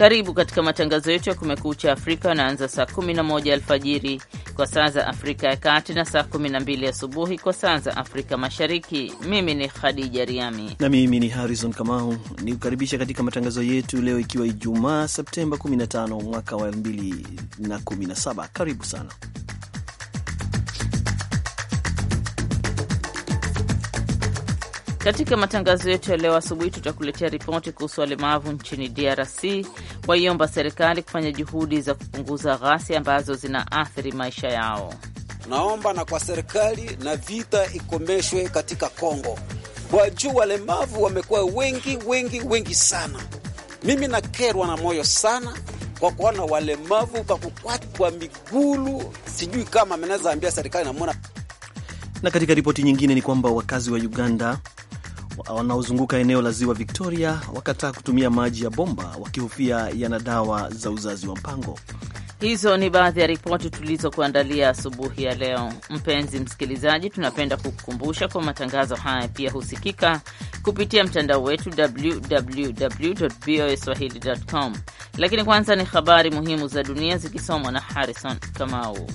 Karibu katika matangazo yetu ya Kumekucha Afrika anaanza saa 11 alfajiri kwa saa za Afrika ya Kati na saa 12 asubuhi kwa saa za Afrika Mashariki. Mimi ni Khadija Riami na mimi ni Harrison Kamau ni kukaribisha katika matangazo yetu leo, ikiwa Ijumaa Septemba 15 mwaka wa 2017. Karibu sana Katika matangazo yetu ya leo asubuhi, tutakuletea ripoti kuhusu walemavu nchini DRC waiomba serikali kufanya juhudi za kupunguza ghasia ambazo zinaathiri maisha yao. Naomba na kwa serikali na vita ikomeshwe katika Kongo kwa juu walemavu wamekuwa wengi wengi wengi sana. Mimi nakerwa na moyo sana kwa kuona walemavu kwa kukwatwa migulu, sijui kama amenaweza ambia serikali namona. Na katika ripoti nyingine ni kwamba wakazi wa Uganda wanaozunguka eneo la ziwa Victoria wakataa kutumia maji ya bomba wakihofia yana dawa za uzazi wa mpango. Hizo ni baadhi ya ripoti tulizokuandalia asubuhi ya leo. Mpenzi msikilizaji, tunapenda kukukumbusha kwa matangazo haya pia husikika kupitia mtandao wetu www www.voaswahili.com. Lakini kwanza ni habari muhimu za dunia zikisomwa na Harrison Kamau.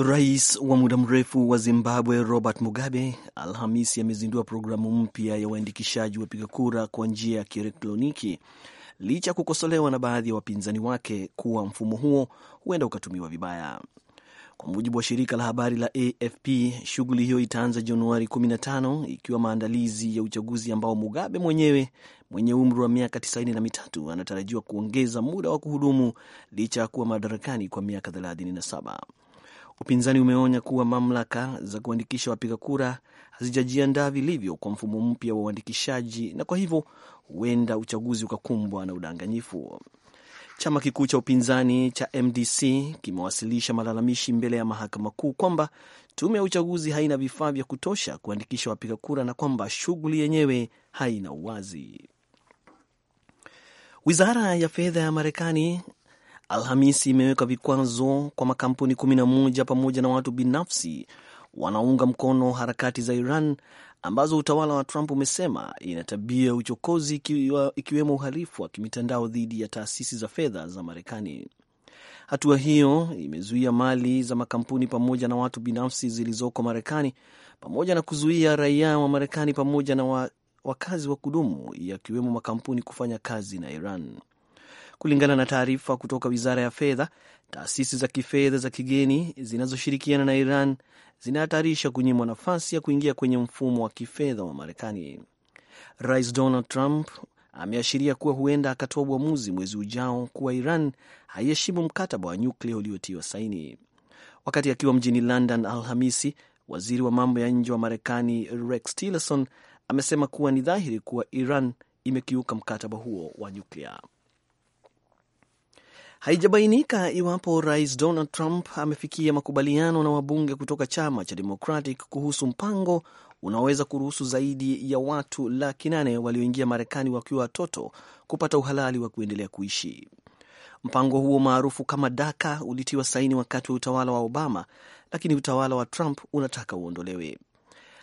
Rais wa muda mrefu wa Zimbabwe Robert Mugabe Alhamisi amezindua programu mpya ya uandikishaji wapiga kura kwa njia ya kielektroniki licha ya kukosolewa na baadhi ya wapinzani wake kuwa mfumo huo huenda ukatumiwa vibaya. Kwa mujibu wa shirika la habari la AFP, shughuli hiyo itaanza Januari 15 ikiwa maandalizi ya uchaguzi ambao Mugabe mwenyewe mwenye umri wa miaka 93 anatarajiwa kuongeza muda wa kuhudumu licha ya kuwa madarakani kwa miaka 37. Upinzani umeonya kuwa mamlaka za kuandikisha wapiga kura hazijajiandaa vilivyo kwa mfumo mpya wa uandikishaji na kwa hivyo huenda uchaguzi ukakumbwa na udanganyifu. Chama kikuu cha upinzani cha MDC kimewasilisha malalamishi mbele ya mahakama kuu kwamba tume ya uchaguzi haina vifaa vya kutosha kuandikisha wapiga kura na kwamba shughuli yenyewe haina uwazi. Wizara ya fedha ya Marekani Alhamisi imeweka vikwazo kwa makampuni 11 pamoja na watu binafsi wanaunga mkono harakati za Iran ambazo utawala wa Trump umesema ina tabia ya uchokozi ikiwemo uhalifu wa kimitandao dhidi ya taasisi za fedha za Marekani. Hatua hiyo imezuia mali za makampuni pamoja na watu binafsi zilizoko Marekani pamoja na kuzuia raia wa Marekani pamoja na wa, wakazi wa kudumu yakiwemo makampuni kufanya kazi na Iran. Kulingana na taarifa kutoka wizara ya fedha, taasisi za kifedha za kigeni zinazoshirikiana na Iran zinahatarisha kunyimwa nafasi ya kuingia kwenye mfumo wa kifedha wa Marekani. Rais Donald Trump ameashiria kuwa huenda akatoa uamuzi mwezi ujao kuwa Iran haiheshimu mkataba wa nyuklia uliotiwa saini. Wakati akiwa mjini London Alhamisi, waziri wa mambo ya nje wa Marekani Rex Tillerson amesema kuwa ni dhahiri kuwa Iran imekiuka mkataba huo wa nyuklia. Haijabainika iwapo Rais Donald Trump amefikia makubaliano na wabunge kutoka chama cha Democratic kuhusu mpango unaoweza kuruhusu zaidi ya watu laki nane walioingia Marekani wakiwa watoto kupata uhalali wa kuendelea kuishi. Mpango huo maarufu kama DACA ulitiwa saini wakati wa utawala wa Obama, lakini utawala wa Trump unataka uondolewe.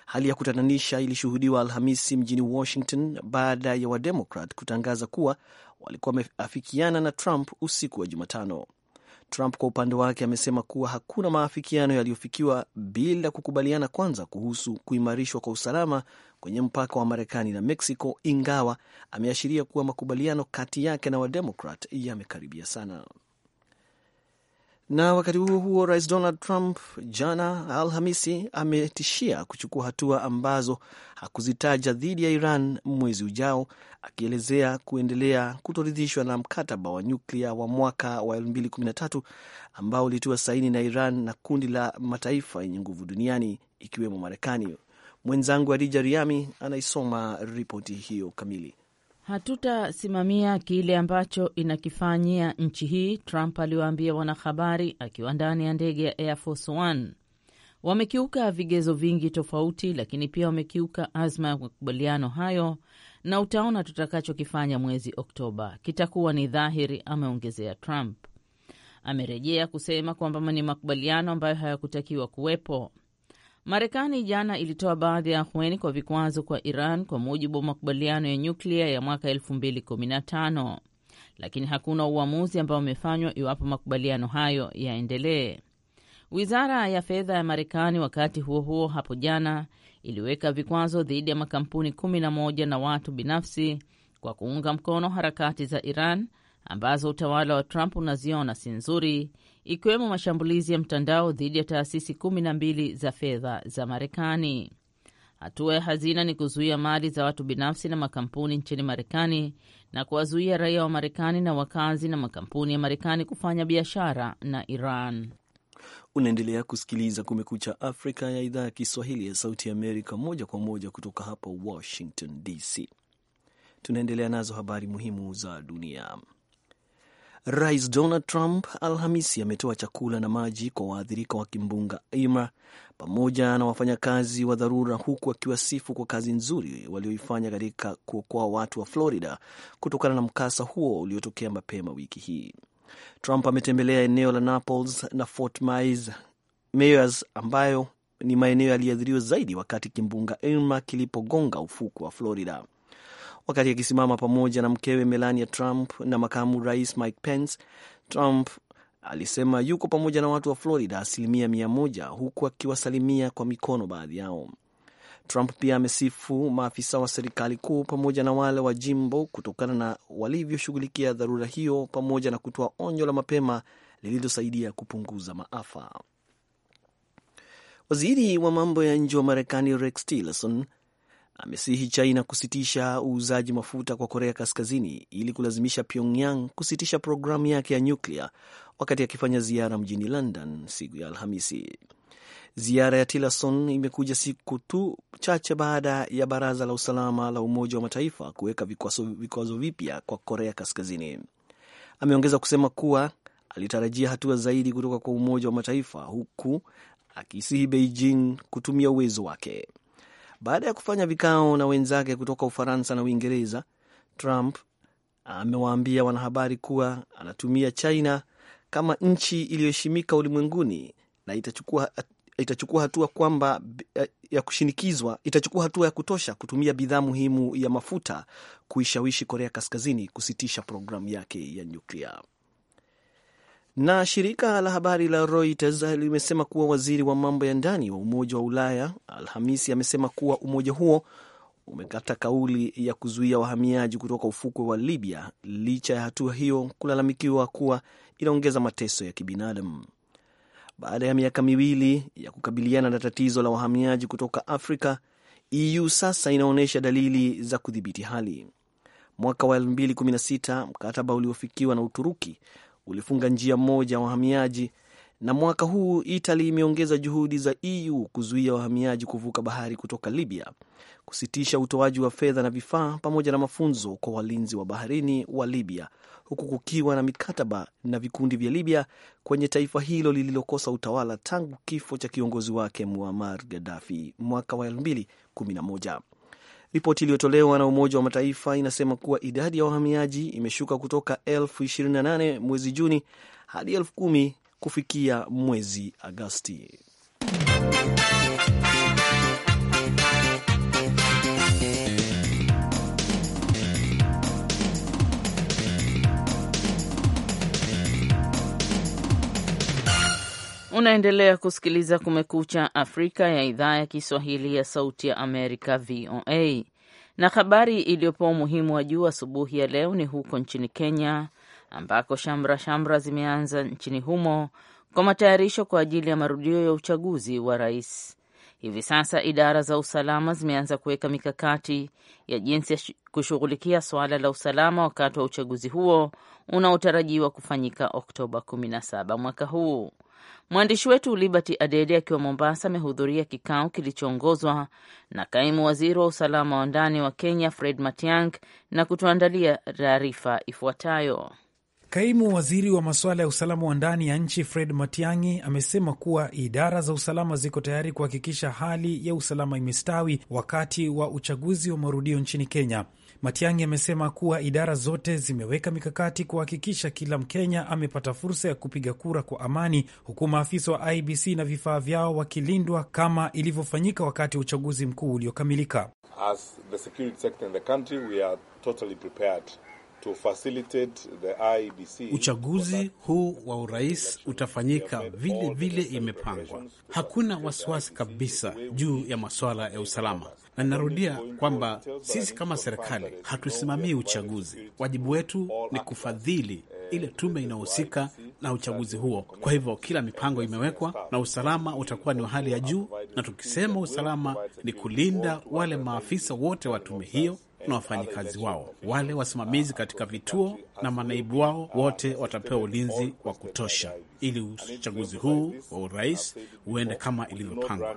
Hali ya kutatanisha ilishuhudiwa Alhamisi mjini Washington baada ya Wademokrat kutangaza kuwa walikuwa wameafikiana na Trump usiku wa Jumatano. Trump kwa upande wake amesema kuwa hakuna maafikiano yaliyofikiwa bila kukubaliana kwanza kuhusu kuimarishwa kwa usalama kwenye mpaka wa Marekani na Mexico, ingawa ameashiria kuwa makubaliano kati yake na Wademokrat yamekaribia sana. Na wakati huo huo, Rais Donald Trump jana Alhamisi ametishia kuchukua hatua ambazo hakuzitaja dhidi ya Iran mwezi ujao, akielezea kuendelea kutoridhishwa na mkataba wa nyuklia wa mwaka wa 2013 ambao ulitiwa saini na Iran na kundi la mataifa yenye nguvu duniani ikiwemo Marekani. Mwenzangu Adija Riami anaisoma ripoti hiyo kamili hatutasimamia kile ambacho inakifanyia nchi hii, Trump aliwaambia wanahabari akiwa ndani ya ndege ya Air Force One. Wamekiuka vigezo vingi tofauti, lakini pia wamekiuka azma ya makubaliano hayo, na utaona tutakachokifanya mwezi Oktoba kitakuwa ni dhahiri, ameongezea Trump. Amerejea kusema kwamba ni makubaliano ambayo hayakutakiwa kuwepo. Marekani jana ilitoa baadhi ya ahueni kwa vikwazo kwa Iran kwa mujibu wa makubaliano ya nyuklia ya mwaka 2015 lakini hakuna uamuzi ambao umefanywa iwapo makubaliano hayo yaendelee. Wizara ya fedha ya Marekani wakati huo huo hapo jana iliweka vikwazo dhidi ya makampuni 11 na watu binafsi kwa kuunga mkono harakati za Iran ambazo utawala wa Trump unaziona si nzuri, ikiwemo mashambulizi ya mtandao dhidi ya taasisi kumi na mbili za fedha za Marekani. Hatua ya hazina ni kuzuia mali za watu binafsi na makampuni nchini Marekani na kuwazuia raia wa Marekani na wakazi na makampuni ya Marekani kufanya biashara na Iran. Unaendelea kusikiliza Kumekucha Afrika ya idhaa ya Kiswahili ya Sauti ya Amerika, moja kwa moja kutoka hapa Washington DC. Tunaendelea nazo habari muhimu za dunia. Rais Donald Trump Alhamisi ametoa chakula na maji kwa waathirika wa kimbunga Irma pamoja na wafanyakazi wa dharura, huku akiwasifu kwa kazi nzuri walioifanya katika kuokoa watu wa Florida kutokana na mkasa huo uliotokea mapema wiki hii. Trump ametembelea eneo la Naples na Fort Myers ambayo ni maeneo yaliyoathiriwa zaidi wakati kimbunga Irma kilipogonga ufuku wa Florida wakati akisimama pamoja na mkewe Melania Trump na makamu rais Mike Pence. Trump alisema yuko pamoja na watu wa Florida asilimia mia moja, huku akiwasalimia kwa mikono baadhi yao. Trump pia amesifu maafisa wa serikali kuu pamoja na wale wa jimbo kutokana na walivyoshughulikia dharura hiyo pamoja na kutoa onyo la mapema lililosaidia kupunguza maafa. Waziri wa mambo ya nje wa Marekani Rex Tillerson amesihi China kusitisha uuzaji mafuta kwa Korea Kaskazini ili kulazimisha Pyongyang kusitisha programu yake ya nyuklia, wakati akifanya ziara mjini London siku ya Alhamisi. Ziara ya Tillerson imekuja siku tu chache baada ya Baraza la Usalama la Umoja wa Mataifa kuweka vikwazo vipya kwa Korea Kaskazini. Ameongeza kusema kuwa alitarajia hatua zaidi kutoka kwa Umoja wa Mataifa, huku akisihi Beijing kutumia uwezo wake. Baada ya kufanya vikao na wenzake kutoka Ufaransa na Uingereza, Trump amewaambia wanahabari kuwa anatumia China kama nchi iliyoheshimika ulimwenguni na itachukua, itachukua hatua kwamba eh, ya kushinikizwa itachukua hatua ya kutosha kutumia bidhaa muhimu ya mafuta kuishawishi Korea Kaskazini kusitisha programu yake ya nyuklia. Na shirika la habari la Reuters limesema kuwa waziri wa mambo ya ndani wa Umoja wa Ulaya Alhamisi amesema kuwa umoja huo umekata kauli ya kuzuia wahamiaji kutoka ufukwe wa Libya licha ya hatua hiyo kulalamikiwa kuwa inaongeza mateso ya kibinadamu. Baada ya miaka miwili ya kukabiliana na tatizo la wahamiaji kutoka Afrika, EU sasa inaonyesha dalili za kudhibiti hali. Mwaka wa 2016 mkataba uliofikiwa na Uturuki ulifunga njia moja ya wahamiaji, na mwaka huu Itali imeongeza juhudi za EU kuzuia wahamiaji kuvuka bahari kutoka Libya, kusitisha utoaji wa fedha na vifaa pamoja na mafunzo kwa walinzi wa baharini wa Libya, huku kukiwa na mikataba na vikundi vya Libya kwenye taifa hilo lililokosa utawala tangu kifo cha kiongozi wake Muammar Gaddafi mwaka wa 211 Ripoti iliyotolewa na Umoja wa Mataifa inasema kuwa idadi ya wahamiaji imeshuka kutoka elfu 28 mwezi Juni hadi elfu 10 kufikia mwezi Agosti. Unaendelea kusikiliza Kumekucha Afrika ya idhaa ya Kiswahili ya Sauti ya Amerika, VOA. Na habari iliyopewa umuhimu wa juu asubuhi ya leo ni huko nchini Kenya, ambako shamra shamra zimeanza nchini humo kwa matayarisho kwa ajili ya marudio ya uchaguzi wa rais. Hivi sasa idara za usalama zimeanza kuweka mikakati ya jinsi ya kushughulikia suala la usalama wakati wa uchaguzi huo unaotarajiwa kufanyika Oktoba 17 mwaka huu. Mwandishi wetu Liberty Adede akiwa Mombasa amehudhuria kikao kilichoongozwa na kaimu waziri wa usalama wa ndani wa Kenya Fred matiang na kutuandalia taarifa ifuatayo. Kaimu waziri wa masuala ya usalama wa ndani ya nchi Fred Matiang'i amesema kuwa idara za usalama ziko tayari kuhakikisha hali ya usalama imestawi wakati wa uchaguzi wa marudio nchini Kenya. Matiang'i amesema kuwa idara zote zimeweka mikakati kuhakikisha kila Mkenya amepata fursa ya kupiga kura kwa amani, huku maafisa wa IBC na vifaa vyao wakilindwa kama ilivyofanyika wakati wa uchaguzi mkuu uliokamilika. To facilitate the IBC. Uchaguzi huu wa urais utafanyika vile vile imepangwa. Hakuna wasiwasi kabisa juu ya masuala ya usalama na ninarudia kwamba sisi kama serikali hatusimamii uchaguzi. Wajibu wetu ni kufadhili ile tume inayohusika na uchaguzi huo. Kwa hivyo kila mipango imewekwa na usalama utakuwa ni wa hali ya juu, na tukisema usalama ni kulinda wale maafisa wote wa tume hiyo na wafanyikazi wao, wale wasimamizi katika vituo na manaibu wao, wote watapewa ulinzi wa kutosha ili uchaguzi huu wa urais uende kama ilivyopangwa.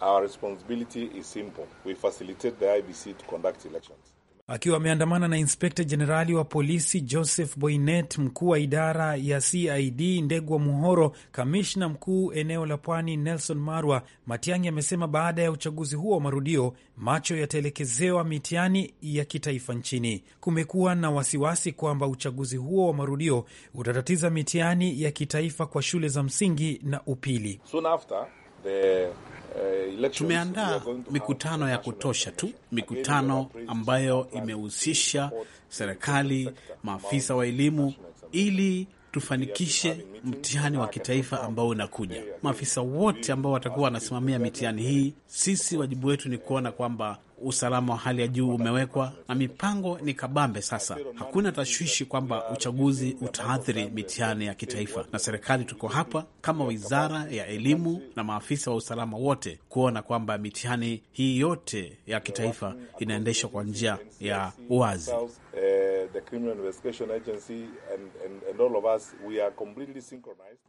Our responsibility is simple. We facilitate the IBC to conduct elections. Akiwa ameandamana na inspekta jenerali wa polisi Joseph Boynet, mkuu wa idara ya CID Ndegwa Muhoro, kamishna mkuu eneo la pwani Nelson Marwa, Matiang'i amesema baada ya uchaguzi huo wa marudio macho yataelekezewa mitihani ya kitaifa nchini. Kumekuwa na wasiwasi kwamba uchaguzi huo wa marudio utatatiza mitihani ya kitaifa kwa shule za msingi na upili. Soon after, Uh, Tumeandaa mikutano ya kutosha tu, mikutano ambayo imehusisha serikali, maafisa wa elimu, ili tufanikishe mtihani wa kitaifa ambao unakuja. Maafisa wote ambao watakuwa wanasimamia mitihani hii, sisi wajibu wetu ni kuona kwamba usalama wa hali ya juu umewekwa na mipango ni kabambe. Sasa hakuna tashwishi kwamba uchaguzi utaathiri mitihani ya kitaifa, na serikali tuko hapa kama wizara ya elimu na maafisa wa usalama wote kuona kwamba mitihani hii yote ya kitaifa inaendeshwa kwa njia ya uwazi. Uh,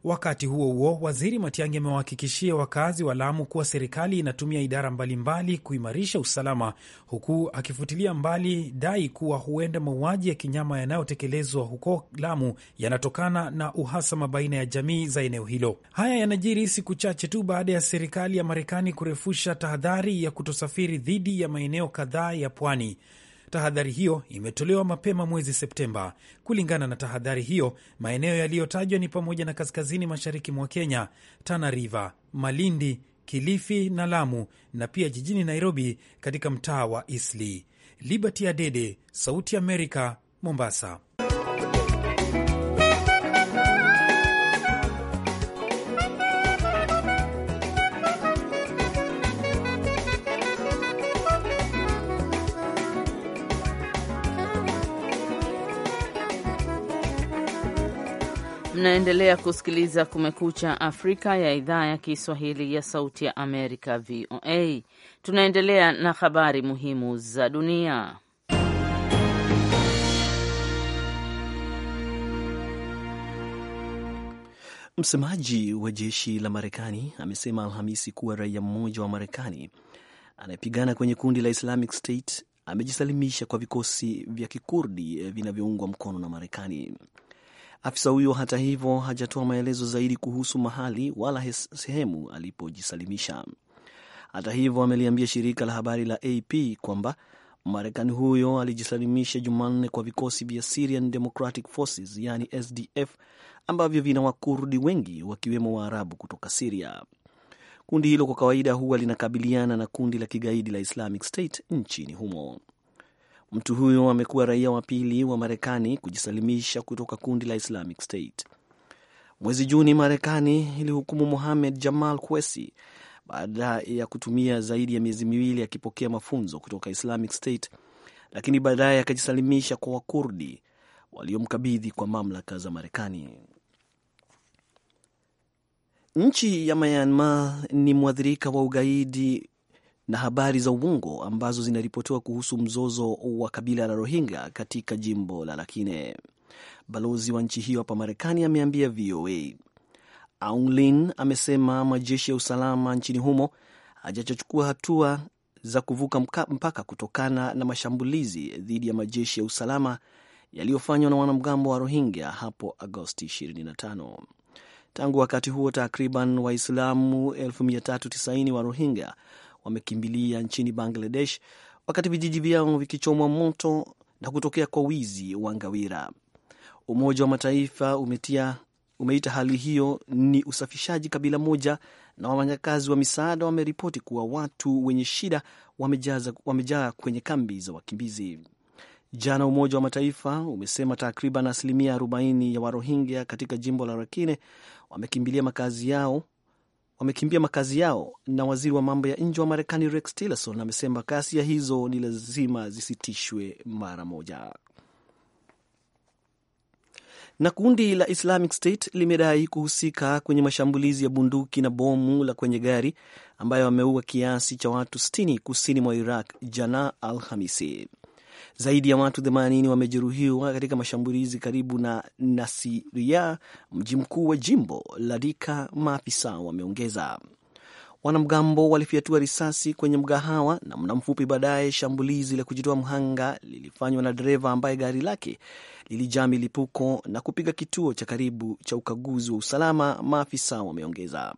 Wakati huo huo, waziri Matiang'i amewahakikishia wakazi wa Lamu kuwa serikali inatumia idara mbalimbali mbali kuimarisha usalama, huku akifutilia mbali dai kuwa huenda mauaji ya kinyama yanayotekelezwa huko Lamu yanatokana na uhasama baina ya jamii za eneo hilo. Haya yanajiri siku chache tu baada ya serikali ya Marekani kurefusha tahadhari ya kutosafiri dhidi ya maeneo kadhaa ya pwani. Tahadhari hiyo imetolewa mapema mwezi Septemba. Kulingana na tahadhari hiyo, maeneo yaliyotajwa ni pamoja na kaskazini mashariki mwa Kenya, Tana River, Malindi, Kilifi na Lamu, na pia jijini Nairobi katika mtaa wa Isli. Liberty Adede, Sauti Amerika, Mombasa. Mnaendelea kusikiliza Kumekucha Afrika ya idhaa ya Kiswahili ya Sauti ya Amerika, VOA. Tunaendelea na habari muhimu za dunia. Msemaji wa jeshi la Marekani amesema Alhamisi kuwa raia mmoja wa Marekani anayepigana kwenye kundi la Islamic State amejisalimisha kwa vikosi vya kikurdi vinavyoungwa mkono na Marekani. Afisa huyo hata hivyo hajatoa maelezo zaidi kuhusu mahali wala sehemu alipojisalimisha. Hata hivyo, ameliambia shirika la habari la AP kwamba Marekani huyo alijisalimisha Jumanne kwa vikosi vya Syrian Democratic Forces, yani SDF, ambavyo vina Wakurdi wengi wakiwemo Waarabu kutoka Siria. Kundi hilo kwa kawaida huwa linakabiliana na kundi la kigaidi la Islamic State nchini humo. Mtu huyo amekuwa raia wa pili wa Marekani kujisalimisha kutoka kundi la Islamic State. Mwezi Juni, Marekani ilihukumu Mohamed Jamal Kwesi baada ya kutumia zaidi ya miezi miwili akipokea mafunzo kutoka Islamic State, lakini baadaye akajisalimisha kwa Wakurdi waliomkabidhi kwa mamlaka za Marekani. Nchi ya Myanmar ni mwathirika wa ugaidi na habari za uongo ambazo zinaripotiwa kuhusu mzozo wa kabila la Rohingya katika jimbo la Rakhine. Balozi wa nchi hiyo hapa Marekani ameambia VOA. Aung Lin amesema majeshi ya usalama nchini humo hajachochukua hatua za kuvuka mpaka kutokana na mashambulizi dhidi ya majeshi ya usalama yaliyofanywa na wanamgambo wa Rohingya hapo Agosti 25. Tangu wakati huo takriban Waislamu 390 wa Rohingya wamekimbilia nchini Bangladesh wakati vijiji vyao vikichomwa moto na kutokea kwa wizi wa ngawira. Umoja wa Mataifa umetia, umeita hali hiyo ni usafishaji kabila moja, na wafanyakazi wa misaada wameripoti kuwa watu wenye shida wamejaa kwenye kambi za wakimbizi. Jana Umoja wa Mataifa umesema takriban asilimia 40 ya Warohingya katika jimbo la Rakhine wamekimbilia makazi yao wamekimbia makazi yao, na waziri wa mambo ya nje wa Marekani Rex Tillerson amesema ghasia hizo ni lazima zisitishwe mara moja. Na kundi la Islamic State limedai kuhusika kwenye mashambulizi ya bunduki na bomu la kwenye gari ambayo wameua kiasi cha watu 60 kusini mwa Iraq jana Alhamisi. Zaidi ya watu 80 wamejeruhiwa katika mashambulizi karibu na Nasiria, mji mkuu wa jimbo la dika maafisa wameongeza. Wanamgambo walifyatua risasi kwenye mgahawa na muda mfupi baadaye, shambulizi la kujitoa mhanga lilifanywa na dereva ambaye gari lake lilijaa milipuko na kupiga kituo cha karibu cha ukaguzi wa usalama, maafisa wameongeza.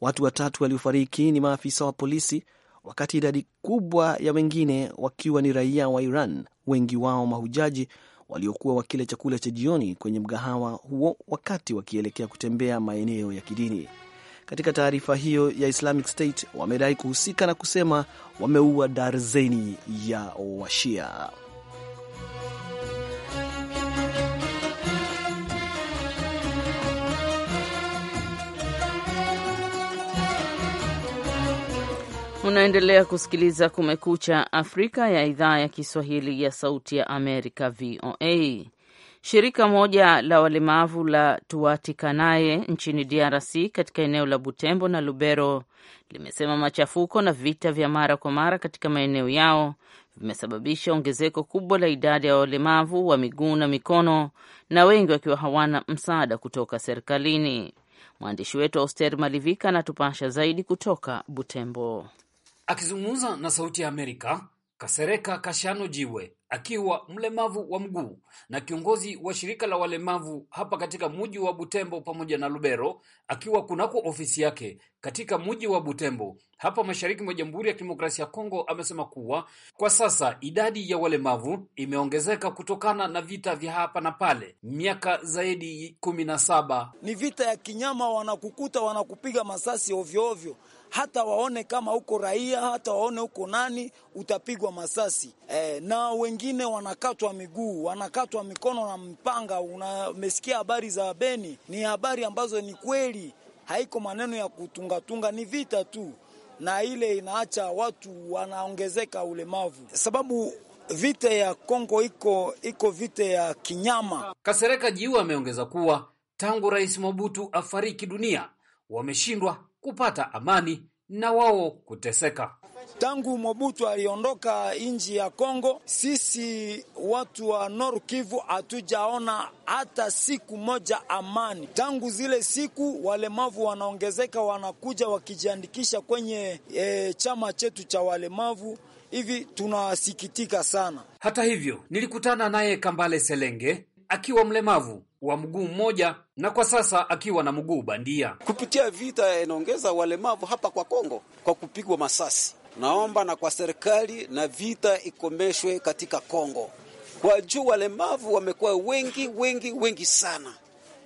Watu watatu waliofariki ni maafisa wa polisi wakati idadi kubwa ya wengine wakiwa ni raia wa Iran, wengi wao mahujaji waliokuwa wakila chakula cha jioni kwenye mgahawa huo wakati wakielekea kutembea maeneo ya kidini. Katika taarifa hiyo ya Islamic State wamedai kuhusika na kusema wameua darzeni ya Washia. Unaendelea kusikiliza Kumekucha Afrika ya idhaa ya Kiswahili ya Sauti ya Amerika, VOA. Shirika moja la walemavu la Tuatikanaye nchini DRC katika eneo la Butembo na Lubero limesema machafuko na vita vya mara kwa mara katika maeneo yao vimesababisha ongezeko kubwa la idadi ya walemavu wa miguu na mikono, na wengi wakiwa hawana msaada kutoka serikalini. Mwandishi wetu Auster Malivika anatupasha zaidi kutoka Butembo. Akizungumza na Sauti ya Amerika, Kasereka Kashano Jiwe akiwa mlemavu wa mguu na kiongozi wa shirika la walemavu hapa katika mji wa Butembo pamoja na Lubero, akiwa kunako ofisi yake katika mji wa Butembo hapa mashariki mwa Jamhuri ya Kidemokrasia ya Kongo, amesema kuwa kwa sasa idadi ya walemavu imeongezeka kutokana na vita vya hapa na pale miaka zaidi kumi na saba. Ni vita ya kinyama, wanakukuta wanakupiga masasi ovyoovyo ovyo. Hata waone kama uko raia, hata waone uko nani, utapigwa masasi e, na wengi wengine wanakatwa miguu, wanakatwa mikono na mpanga. Umesikia habari za Beni, ni habari ambazo ni kweli, haiko maneno ya kutungatunga, ni vita tu, na ile inaacha watu wanaongezeka ulemavu sababu vita ya Kongo iko iko vita ya kinyama. Kasereka Jiu ameongeza kuwa tangu Rais Mobutu afariki dunia wameshindwa kupata amani na wao kuteseka. Tangu Mobutu aliondoka nchi ya Kongo, sisi watu wa Nord Kivu hatujaona hata siku moja amani. Tangu zile siku walemavu wanaongezeka, wanakuja wakijiandikisha kwenye e, chama chetu cha walemavu hivi tunasikitika sana. Hata hivyo, nilikutana naye Kambale Selenge akiwa mlemavu wa mguu mmoja na kwa sasa akiwa na mguu bandia. Kupitia vita inaongeza walemavu hapa kwa Kongo kwa kupigwa masasi naomba na kwa serikali na vita ikomeshwe katika Kongo, kwa juu walemavu wamekuwa wengi wengi wengi sana.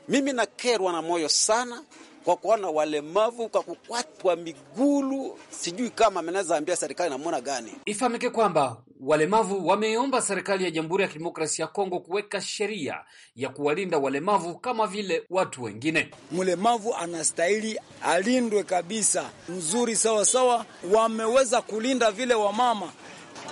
Mimi nakerwa na moyo sana kwa kuona walemavu, kwa kukwatwa migulu. Sijui kama ameneza ambia serikali namwona gani. Ifahamike kwamba walemavu wameomba serikali ya Jamhuri ya Kidemokrasia ya Kongo kuweka sheria ya kuwalinda walemavu kama vile watu wengine. Mlemavu anastahili alindwe kabisa mzuri, sawasawa. Wameweza kulinda vile wamama,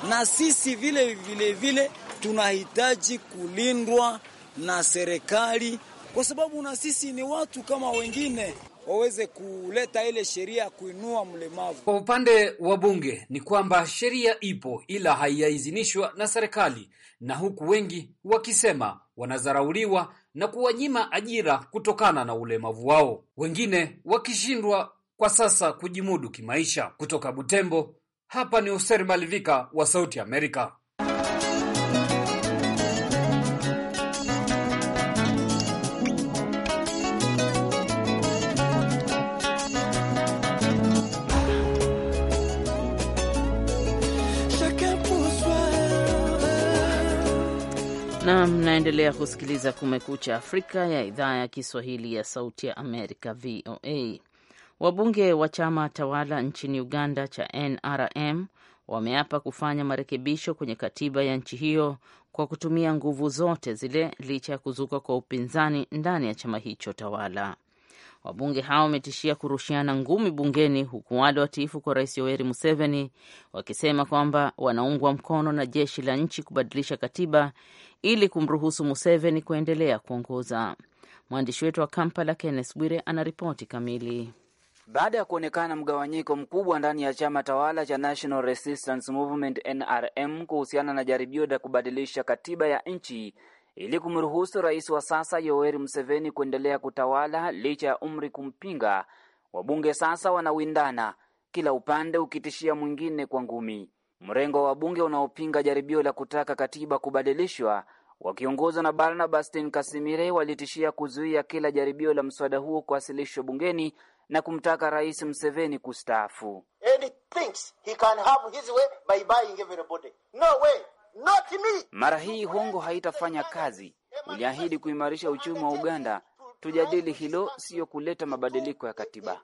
na sisi vile vile vile tunahitaji kulindwa na serikali kwa sababu na sisi ni watu kama wengine waweze kuleta ile sheria ya kuinua mlemavu. Kwa upande wa bunge ni kwamba sheria ipo ila haiyaidhinishwa na serikali, na huku wengi wakisema wanadharauliwa na kuwanyima ajira kutokana na ulemavu wao, wengine wakishindwa kwa sasa kujimudu kimaisha. Kutoka Butembo, hapa ni Hoser Malivika wa Sauti Amerika. Mnaendelea kusikiliza Kumekucha Afrika ya idhaa ya Kiswahili ya Sauti ya Amerika, VOA. Wabunge wa chama tawala nchini Uganda cha NRM wameapa kufanya marekebisho kwenye katiba ya nchi hiyo kwa kutumia nguvu zote zile, licha ya kuzuka kwa upinzani ndani ya chama hicho tawala. Wabunge hao wametishia kurushiana ngumi bungeni, huku wale watiifu kwa Rais Yoweri Museveni wakisema kwamba wanaungwa mkono na jeshi la nchi kubadilisha katiba ili kumruhusu Museveni kuendelea kuongoza. Mwandishi wetu wa Kampala, Kenneth Bwire, anaripoti kamili. Baada ya kuonekana mgawanyiko mkubwa ndani ya chama tawala cha National Resistance Movement NRM kuhusiana na jaribio la kubadilisha katiba ya nchi ili kumruhusu rais wa sasa Yoweri Museveni kuendelea kutawala licha ya umri kumpinga. Wabunge sasa wanawindana, kila upande ukitishia mwingine kwa ngumi. Mrengo wa wabunge unaopinga jaribio la kutaka katiba kubadilishwa wakiongozwa na Barnabas Tin Kasimire walitishia kuzuia kila jaribio la mswada huo kuwasilishwa bungeni na kumtaka rais Mseveni kustaafu. Mara hii hongo haitafanya kazi. Uliahidi kuimarisha uchumi wa Uganda. Tujadili hilo, siyo kuleta mabadiliko ya katiba.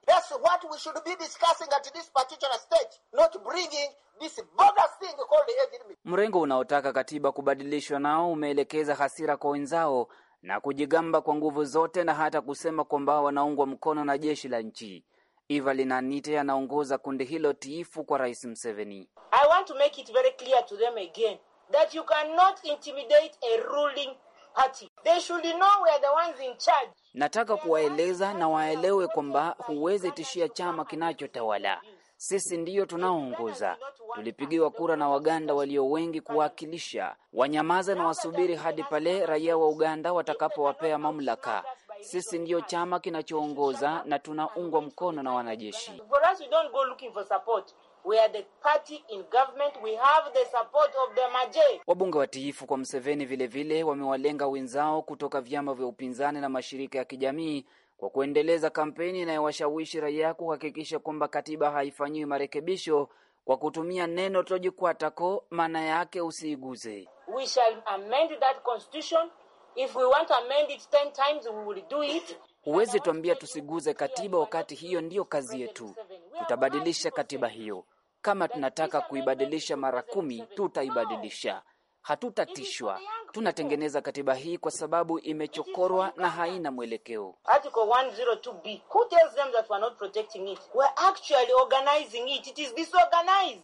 Mrengo unaotaka katiba kubadilishwa nao umeelekeza hasira kwa wenzao na kujigamba kwa nguvu zote na hata kusema kwamba wanaungwa mkono na jeshi la nchi. Evelyn Anite anaongoza kundi hilo tiifu kwa Rais Museveni. I want to make it very clear to them again that you cannot intimidate a ruling party. They should know we are the ones in charge. Nataka kuwaeleza na waelewe kwamba huwezi tishia chama kinachotawala. Sisi ndiyo tunaoongoza. Tulipigiwa kura na Waganda walio wengi kuwakilisha. Wanyamaze na wasubiri hadi pale raia wa Uganda watakapowapea mamlaka. Sisi ndiyo chama kinachoongoza na tunaungwa mkono na wanajeshi. For us, we don't go looking for support. Wabunge watiifu kwa Mseveni vilevile wamewalenga wenzao kutoka vyama vya upinzani na mashirika ya kijamii kwa kuendeleza kampeni inayowashawishi raia kuhakikisha kwamba katiba haifanyiwi marekebisho kwa kutumia neno tojikwatako, maana yake usiiguze. Huwezi tuambia tusiguze katiba wakati hiyo ndiyo kazi yetu. Tutabadilisha katiba hiyo. Kama tunataka kuibadilisha mara kumi, tutaibadilisha. Hatutatishwa. Tunatengeneza katiba hii kwa sababu imechokorwa na haina mwelekeo. Oh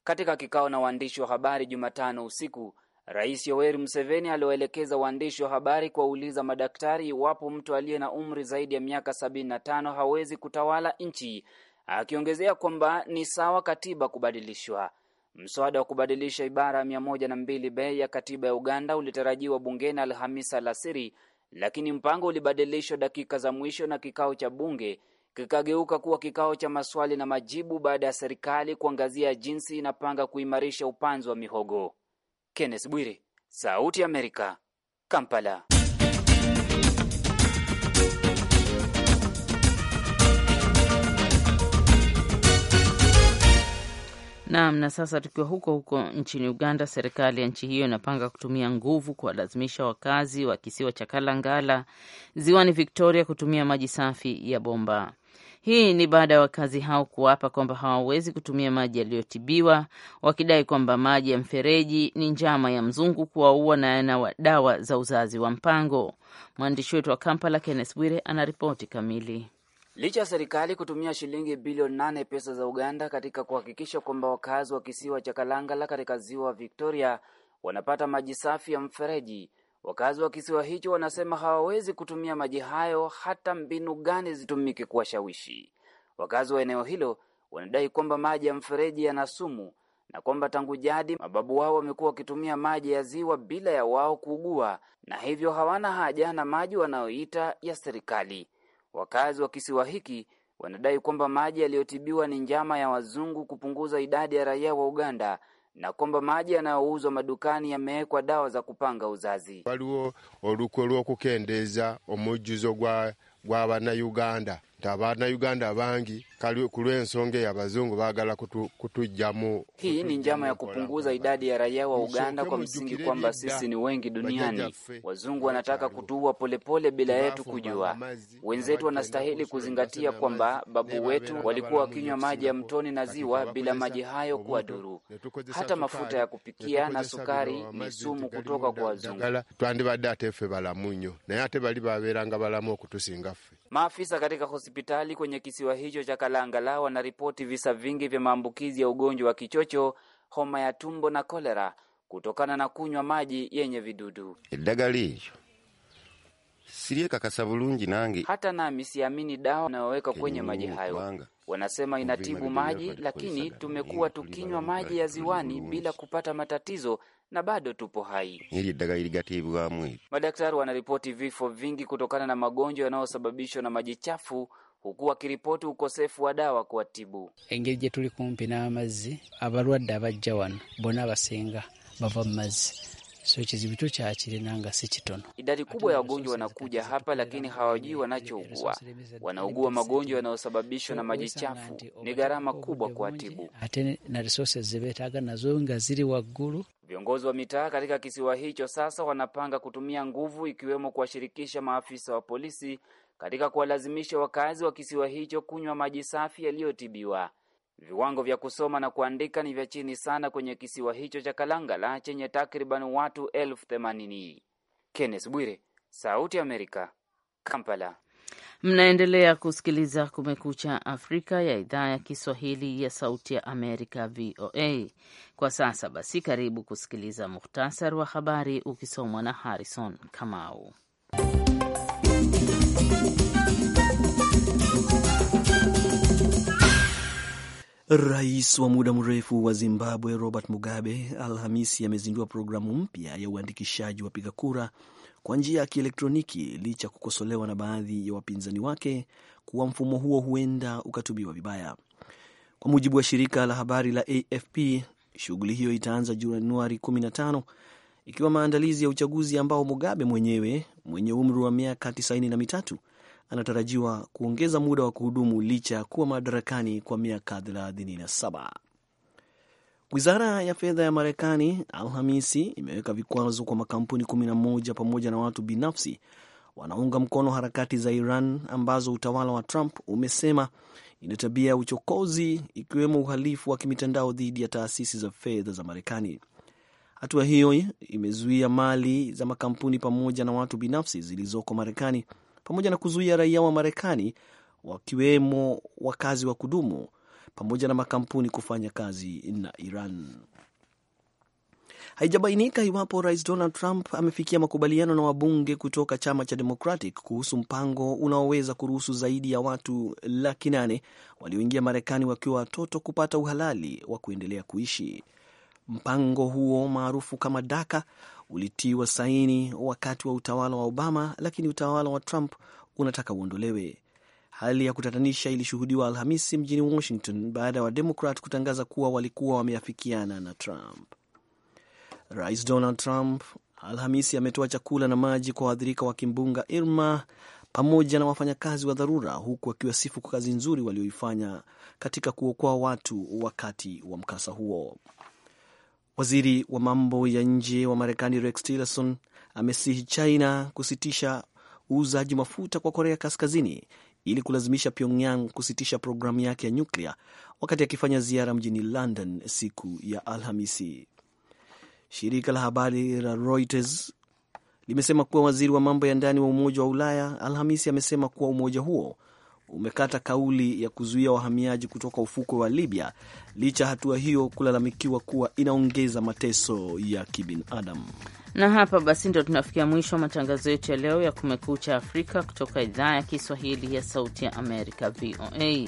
Katika kikao na waandishi wa habari Jumatano usiku, Rais Yoweri Museveni aliwaelekeza waandishi wa habari kuwauliza madaktari iwapo mtu aliye na umri zaidi ya miaka 75 hawezi kutawala nchi akiongezea kwamba ni sawa katiba kubadilishwa. Mswada wa kubadilisha ibara ya mia moja na mbili b ya katiba ya Uganda ulitarajiwa bungeni alhamis alasiri, lakini mpango ulibadilishwa dakika za mwisho na kikao cha bunge kikageuka kuwa kikao cha maswali na majibu baada ya serikali kuangazia jinsi inapanga kuimarisha upanzi wa mihogo. Kenneth Bwire, Sauti ya Amerika, Kampala. Naam. Na sasa tukiwa huko huko nchini Uganda, serikali ya nchi hiyo inapanga kutumia nguvu kuwalazimisha wakazi wa kisiwa cha Kalangala ziwani Victoria kutumia maji safi ya bomba. Hii ni baada ya wakazi hao kuwapa kwamba hawawezi kutumia maji yaliyotibiwa, wakidai kwamba maji ya mfereji ni njama ya mzungu kuwaua na yana dawa za uzazi wa mpango. Mwandishi wetu wa Kampala, Kenneth Bwire, ana ripoti kamili. Licha ya serikali kutumia shilingi bilioni nane pesa za Uganda katika kuhakikisha kwamba wakazi wa kisiwa cha Kalangala katika ziwa Victoria wanapata maji safi ya mfereji, wakazi wa kisiwa hicho wanasema hawawezi kutumia maji hayo hata mbinu gani zitumike kuwashawishi. Wakazi wa eneo hilo wanadai kwamba maji ya mfereji yana sumu na kwamba tangu jadi mababu wao wamekuwa wakitumia maji ya ziwa bila ya wao kuugua, na hivyo hawana haja na maji wanayoita ya serikali. Wakazi wa kisiwa hiki wanadai kwamba maji yaliyotibiwa ni njama ya wazungu kupunguza idadi ya raia wa Uganda na kwamba maji yanayouzwa madukani yamewekwa dawa za kupanga uzazi. waliwo olukwe lw'okukendeza omujjuzo gw'abannauganda nti bangi abangi kulwa ensonga eyo abazungu baagala kutujjamu. Hii ni njama ya kupunguza idadi ya raia wa Uganda kwa msingi kwamba sisi ni wengi duniani. Wazungu wanataka kutuua polepole bila yetu kujua. Wenzetu wanastahili kuzingatia kwamba babu wetu walikuwa wakinywa maji ya mtoni na ziwa bila maji hayo kuwa duru. Hata mafuta ya kupikia na sukari ni sumu kutoka kwa wazungu. twandibadde ate ffe balamu nnyo naye ate bali baberanga balamu okutusinga Maafisa katika hospitali kwenye kisiwa hicho cha Kalangala wanaripoti visa vingi vya maambukizi ya ugonjwa wa kichocho, homa ya tumbo na kolera kutokana na kunywa maji yenye vidudu. Hata nami siamini dawa inayoweka kwenye maji hayo. Wanasema inatibu maji, lakini tumekuwa tukinywa maji ya ziwani bila kupata matatizo na bado tupo hai. Madaktari wanaripoti vifo vingi kutokana na magonjwa yanayosababishwa na maji chafu huku wakiripoti ukosefu wa dawa kuwatibu. engeri gye tuli kumpi n'amazzi abalwadde abajja wano bonna abasinga bava mu mazzi so ekizibu kyo si kitono. Idadi kubwa ya wagonjwa wanakuja hapa, lakini hawajui wanachougua. Wanaugua magonjwa yanayosababishwa na maji chafu, ni gharama kubwa kuwatibu. ate na resources zebeetaaga nazo nga ziri waggulu. Viongozi wa mitaa katika kisiwa hicho sasa wanapanga kutumia nguvu ikiwemo kuwashirikisha maafisa wa polisi katika kuwalazimisha wakazi wa kisiwa hicho kunywa maji safi yaliyotibiwa. Viwango vya kusoma na kuandika ni vya chini sana kwenye kisiwa hicho cha Kalangala chenye takriban watu elfu themanini. Kenneth Bwire, Sauti ya Amerika, Kampala. Mnaendelea kusikiliza Kumekucha Afrika ya idhaa ya Kiswahili ya Sauti ya Amerika, VOA. Kwa sasa basi, karibu kusikiliza muhtasari wa habari ukisomwa na Harrison Kamau. Rais wa muda mrefu wa Zimbabwe Robert Mugabe Alhamisi amezindua programu mpya ya uandikishaji wapiga kura kwa njia ya kielektroniki licha kukosolewa na baadhi ya wapinzani wake kuwa mfumo huo huenda ukatumiwa vibaya. Kwa mujibu wa shirika la habari la AFP, shughuli hiyo itaanza Januari 15 ikiwa maandalizi ya uchaguzi ambao Mugabe mwenyewe mwenye umri wa miaka 93 anatarajiwa kuongeza muda wa kuhudumu licha ya kuwa madarakani kwa miaka 37. Wizara ya fedha ya Marekani Alhamisi imeweka vikwazo kwa makampuni 11 pamoja na watu binafsi wanaunga mkono harakati za Iran ambazo utawala wa Trump umesema ina tabia ya uchokozi ikiwemo uhalifu wa kimitandao dhidi ya taasisi za fedha za Marekani. Hatua hiyo imezuia mali za makampuni pamoja na watu binafsi zilizoko Marekani pamoja na kuzuia raia wa Marekani wakiwemo wakazi wa kudumu pamoja na makampuni kufanya kazi na Iran. Haijabainika iwapo Rais Donald Trump amefikia makubaliano na wabunge kutoka chama cha Democratic kuhusu mpango unaoweza kuruhusu zaidi ya watu laki nane walioingia Marekani wakiwa watoto kupata uhalali wa kuendelea kuishi. Mpango huo maarufu kama DACA ulitiwa saini wakati wa utawala wa Obama, lakini utawala wa Trump unataka uondolewe. Hali ya kutatanisha ilishuhudiwa Alhamisi mjini Washington baada ya Wademokrat kutangaza kuwa walikuwa wameafikiana na Trump. Rais Donald Trump Alhamisi ametoa chakula na maji kwa waathirika wa kimbunga Irma pamoja na wafanyakazi wa dharura, huku akiwasifu kwa kazi nzuri walioifanya katika kuokoa watu wakati wa mkasa huo. Waziri wa mambo ya nje wa Marekani Rex Tillerson amesihi China kusitisha uuzaji mafuta kwa Korea Kaskazini ili kulazimisha Pyongyang kusitisha programu yake ya nyuklia, wakati akifanya ziara mjini London siku ya Alhamisi. Shirika la habari la Reuters limesema kuwa waziri wa mambo ya ndani wa Umoja wa Ulaya Alhamisi amesema kuwa umoja huo umekata kauli ya kuzuia wahamiaji kutoka ufukwe wa Libya licha ya hatua hiyo kulalamikiwa kuwa inaongeza mateso ya kibinadamu. Na hapa basi ndo tunafikia mwisho wa matangazo yetu ya leo ya Kumekucha Afrika kutoka idhaa ya Kiswahili ya Sauti ya Amerika, VOA.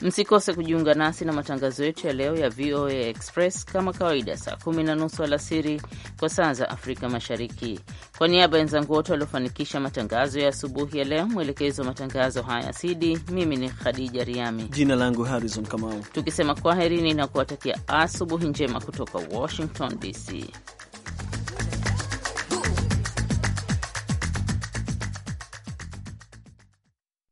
Msikose kujiunga nasi na matangazo yetu ya leo ya VOA Express kama kawaida, saa kumi na nusu alasiri kwa saa za Afrika Mashariki. Kwa niaba ya wenzangu wote waliofanikisha matangazo ya asubuhi ya leo, mwelekezi wa matangazo haya Sidi, mimi ni Khadija Riami, jina langu Harrison Kamau, tukisema kwaherini na kuwatakia asubuhi njema kutoka Washington DC.